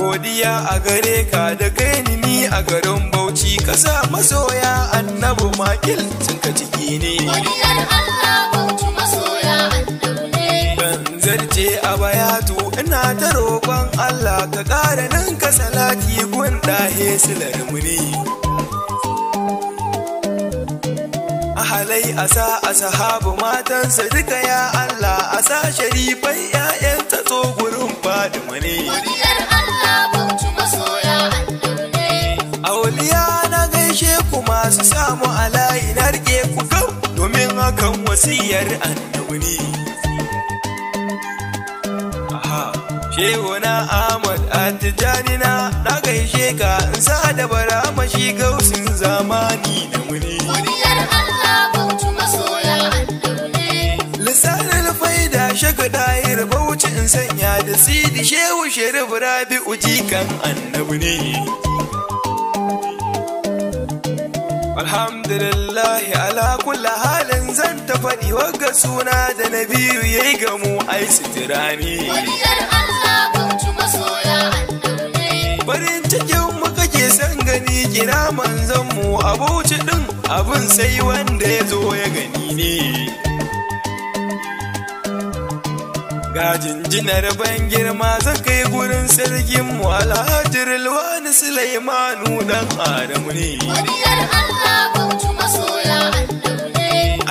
godiya a gare ka da kai ni a garin bauchi ka sa masoya annabu makil sun ka ciki ne zarce a bayatu ina ta roƙon Allah ka ƙara nan ka salati gun he silar muni. a asa a sahabu matansa duka ya Allah asa sharifai ƴaƴan ta tso gurin Fatima ne Auliya na gaishe ku masu samu alayi na rike ku kan domin hakan wasiyar annabi Aha Shehu na Ahmad Atijani na na gaishe ka in sa da bara mashi gausin zamani na sanya da sidi shehu sharif rabi'u jikan annabi ne alhamdulillah ala kulli halin zan ta faɗi wagga suna da na biyu ya yi gamu ai sutura ne farin cikin mu kake san gani kira manzanmu mu din abin sai wanda ya zo ya gani ne Gajin jinjinar ban girma zan kai gurin sarkin mu alhaji rilwani sulaimanu dan adamu ne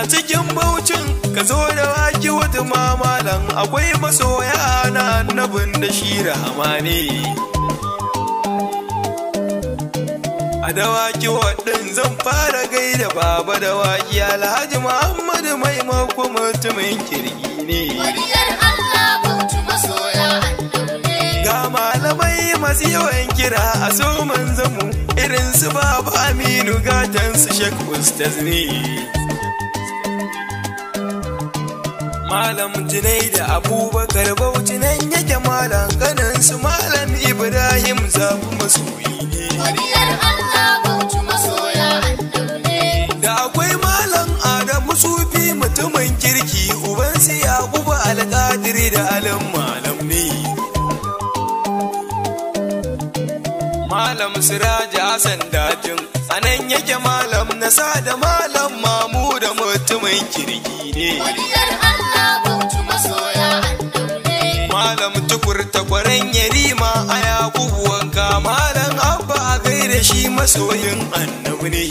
a cikin baucin ka zo da waki wata mamalan akwai masoya na annabin da shi rahama ne a dawaki waɗin zan fara gaida baba da waki, alhaji muhammadu maimako mutumin kirgi ne masu yawan kira a so manzamu irin su babu aminu gatan su shek mustazni malam jinai da abubakar bauchi nan yake malam ganin su malam ibrahim zafi ne. da akwai malam adamu sufi mutumin kirki uban su alƙadiri da alamma malam siraja hassan dajin a yake malam nasa da malam mamu da mutumin kirki ne malam tukur takwaran yarima a yakubu wanka malam abba a gaida shi masoyin annabi ne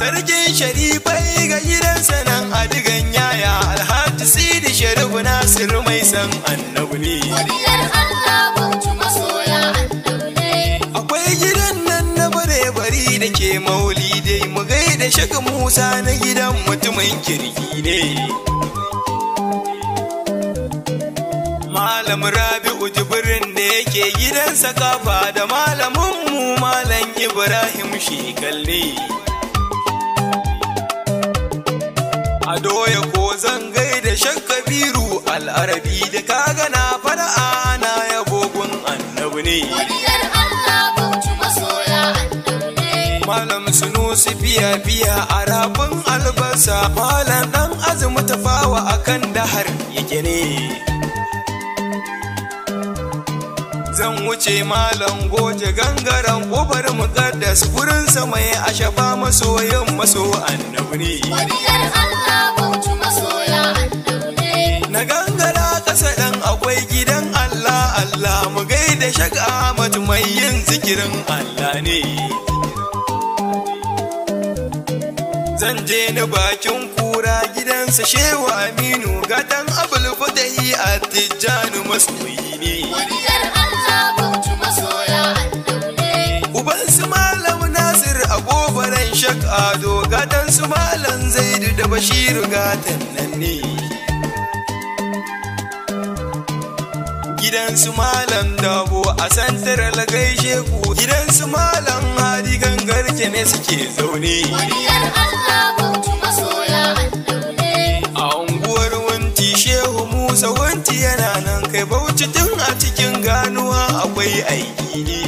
sarkin sharifai ga gidansa nan a digan yaya alhaji sidi sharifu nasiru mai san annabu ne akwai gidan nan na bare bari da ke maulidai mu gaida shaka musa na gidan mutumin kirki ne malam rabi'u jibirin da yake gidansa kafa da malamin mu malam ibrahim shi a doya ko zangai da shan kabiru al'arabi da kaga na fara ana yabogun annabi ne Malam sunusi biya biya a rafin albasa Malam dan azumi tafawa akan dahar yake ne zan wuce malam goje gangaren kofar mukaddas gurin sama ya ashafa masoyin maso annabi ne Allah annabi ne Na gangara kasa dan akwai gidan Allah Allah mu gaida shak Ahmad mai yin zikirin Allah ne zan je na bakin kura gidansa shewa aminu gadan abul yi a tijjani masoyi ne allah bautu masoya uban su malam nasir a gobaran shak ado gadan su malam zaidu da bashiru gatan nan ne gidan su malam dabo a santaral gaishe ku gidan su malam hadi gangar ne suke zaune Allah bautu masoya A unguwar wanti shehu Musa wanti yana nan kai bauchi tun a cikin ganuwa akwai aiki ne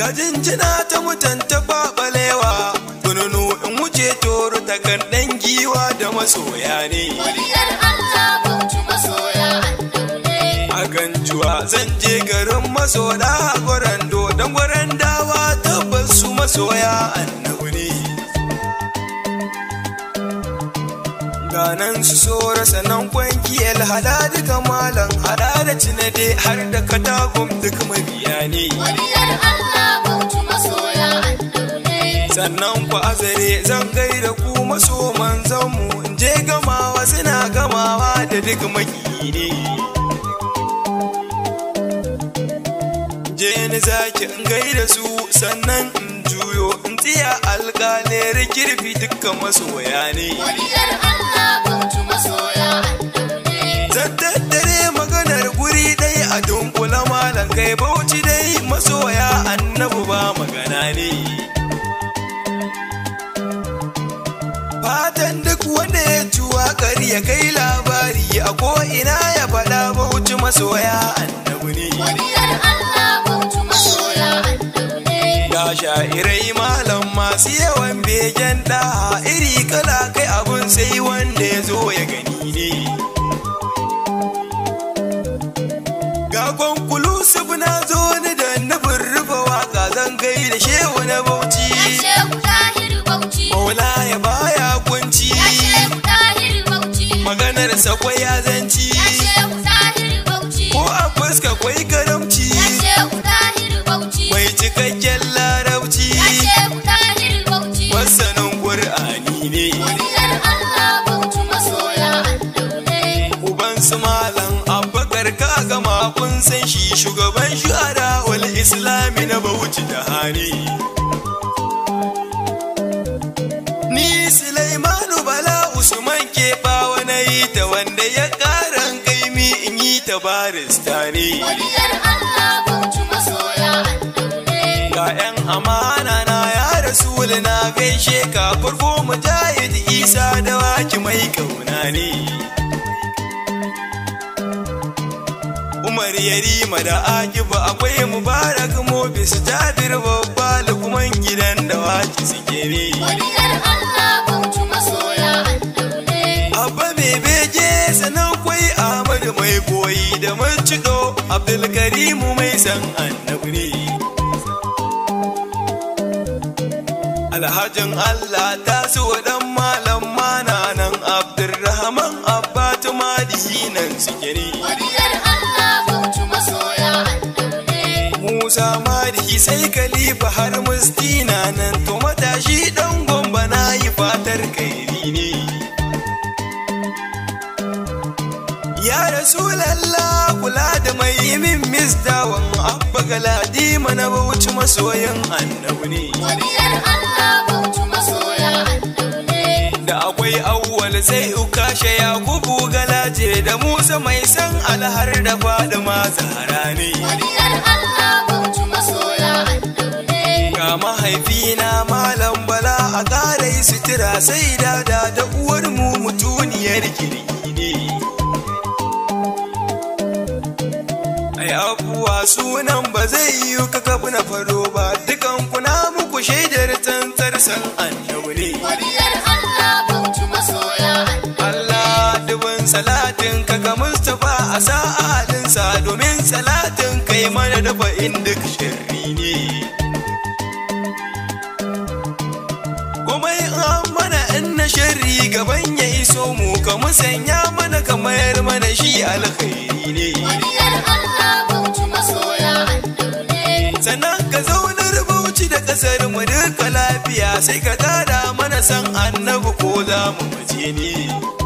Gajinjina ta mutanta baɓalewa Gununu in wuce toro ta giwa da masoya ne zan je garin masoya gwaran do gwaran dawa tabbas su masoya annabu ne ganan su sora sanan kwanki alhada duka malam hada da cinade har da katakon duk mabiya ne sannan ku azare zan gaida ku maso manzanmu je gamawa suna gamawa da duk makini ni zaki in gaida su sannan in juyo in tsiya alƙalere kirfi dukkan masoya ne waliyar Allah masoya maganar guri dai a dunkula malam kai bauchi dai masoya annabu ba magana ne fatan duk wanda ya juwa kari ya kai labari a ko ina ya faɗa bauchi masoya annabu shairai malam masu yawan begen da iri kala kai abun sai wanda ya zo ya gani ne gagon kulusuf na zo ni da nufin rufe waka zan gai da shehu na bauchi maulaya ya baya kunci maganar sakwai ya zai su malam abbakar ka gama kun san shi shugaban shuhara wal islami na bauchi da hani ni sulaimanu bala usman ke bawa na yi ta wanda ya karan kaimi in yi ta baristani ga 'yan amana na ya rasul na gaishe ka farko mujahid isa da waki mai kauna ne yarima da akiba akwai mubarak mobis jabir babba lukman gidan da waki suke ne mai koyi da mancido abdulkarimu mai san annabi alhajin allah ta su dan malam mana nan abdulrahman abba tumadi nan suke ne alkali har musti na nan to matashi dan gomba na yi fatar kairi ne ya rasulallah kula da mai min misdawan abba galadi mana bauchi masoyan annabi ne da akwai awwal sai ukashe yakubu galaje da musa mai san alhar da ma zahara ne Allah A mahaifina malam bala a ƙara sutura sai dada da uwarmu mutuniyar kirki ne ai abuwa sunan ba zai yi kaka na faro ba dukan kuna muku shaidar tantar san annabu ne Allah dubin salatin kaka Mustapha a sa'adinsa domin salatin kai mana dafa inda shirri ne. gaban ya iso mu ka musanya mana ka mayar mana shi alkhairi ne sannan ka zaunar bauchi da kasar mu duka lafiya sai ka tada mana san annabi ko zamu mu ne